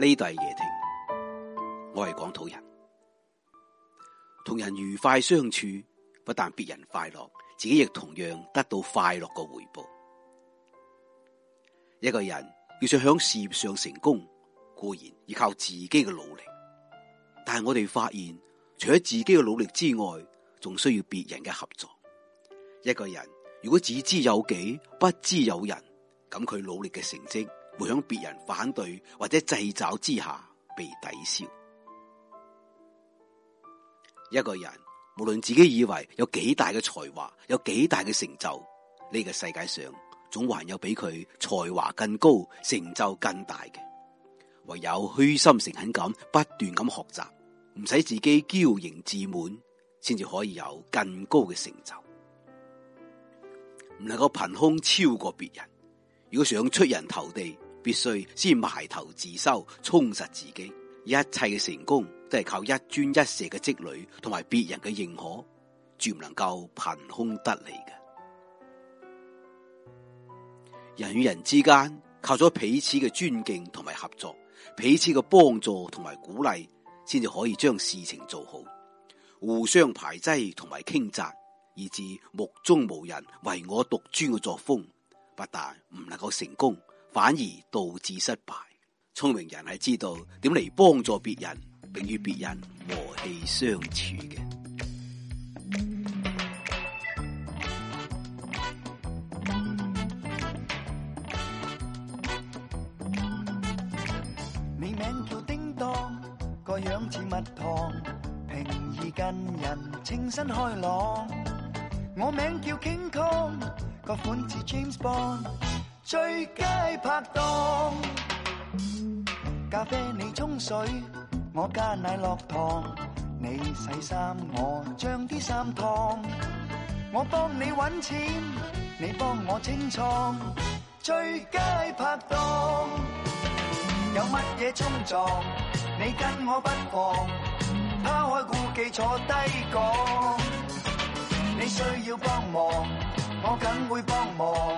呢度係夜聽，我係廣土人，同人愉快相處，不但別人快樂，自己亦同樣得到快樂嘅回報。一個人要想響事業上成功，固然要靠自己嘅努力，但係我哋發現，除咗自己嘅努力之外，仲需要別人嘅合作。一個人如果只知有己，不知有人，咁佢努力嘅成績。會喺別人反對或者掣肘之下被抵消，一個人無論自己以為有幾大嘅才華，有幾大嘅成就，呢個世界上總還有比佢才華更高、成就更大嘅。唯有虛心誠懇咁不斷咁學習，唔使自己驕盈自滿，先至可以有更高嘅成就。唔能夠憑空超過別人，如果想出人頭地。必須先埋頭自修，充實自己，一切嘅成功都係靠一磚一石嘅積累，同埋別人嘅認可，絕唔能夠憑空得嚟嘅。人與人之間靠咗彼此嘅尊敬同埋合作，彼此嘅幫助同埋鼓勵，先至可以將事情做好。互相排擠同埋傾軋，以致目中無人、唯我獨尊嘅作風，不但唔能夠成功。反而導致失敗。聰明人係知道點嚟幫助別人，並與別人和氣相處嘅。你名叫叮當，個樣似蜜糖，平易近人，清新開朗。我名叫 King Kong，個款似 James Bond。最佳拍檔，咖啡你沖水，我加奶落糖，你洗衫我將啲衫燙，我幫你搵錢，你幫我清倉。最佳拍檔，有乜嘢沖撞，你跟我不妨，拋開顧忌坐低講，你需要幫忙，我梗會幫忙。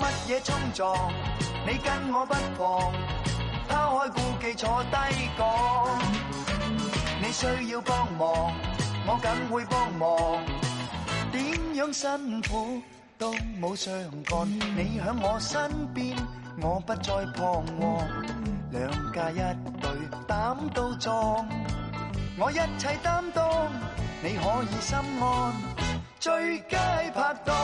乜嘢沖撞，你跟我不妨，拋開顧忌坐低講。你需要幫忙，我梗會幫忙。點樣辛苦都冇相干，你響我身邊，我不再彷徨。兩家一對膽都壯，我一切擔當，你可以心安，最佳拍檔。